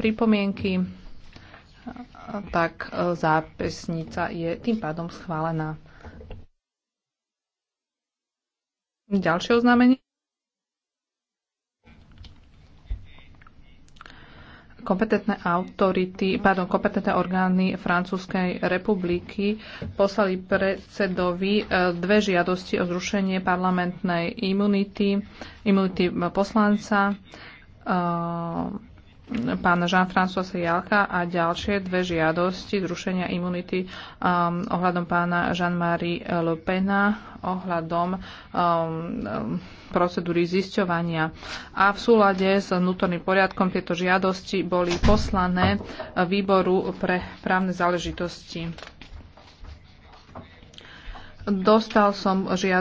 pripomienky, tak e, zápisnica je tým pádom schválená. Ďalšie oznámenie. kompetentné autority, pardon, kompetentné orgány Francúzskej republiky poslali predsedovi e, dve žiadosti o zrušenie parlamentnej imunity, imunity poslanca. E, pána Jean-François Jalka a ďalšie dve žiadosti zrušenia imunity um, ohľadom pána Jean-Marie Le Pena ohľadom um, procedúry zisťovania. A v súlade s vnútorným poriadkom tieto žiadosti boli poslané výboru pre právne záležitosti. Dostal som žiadosť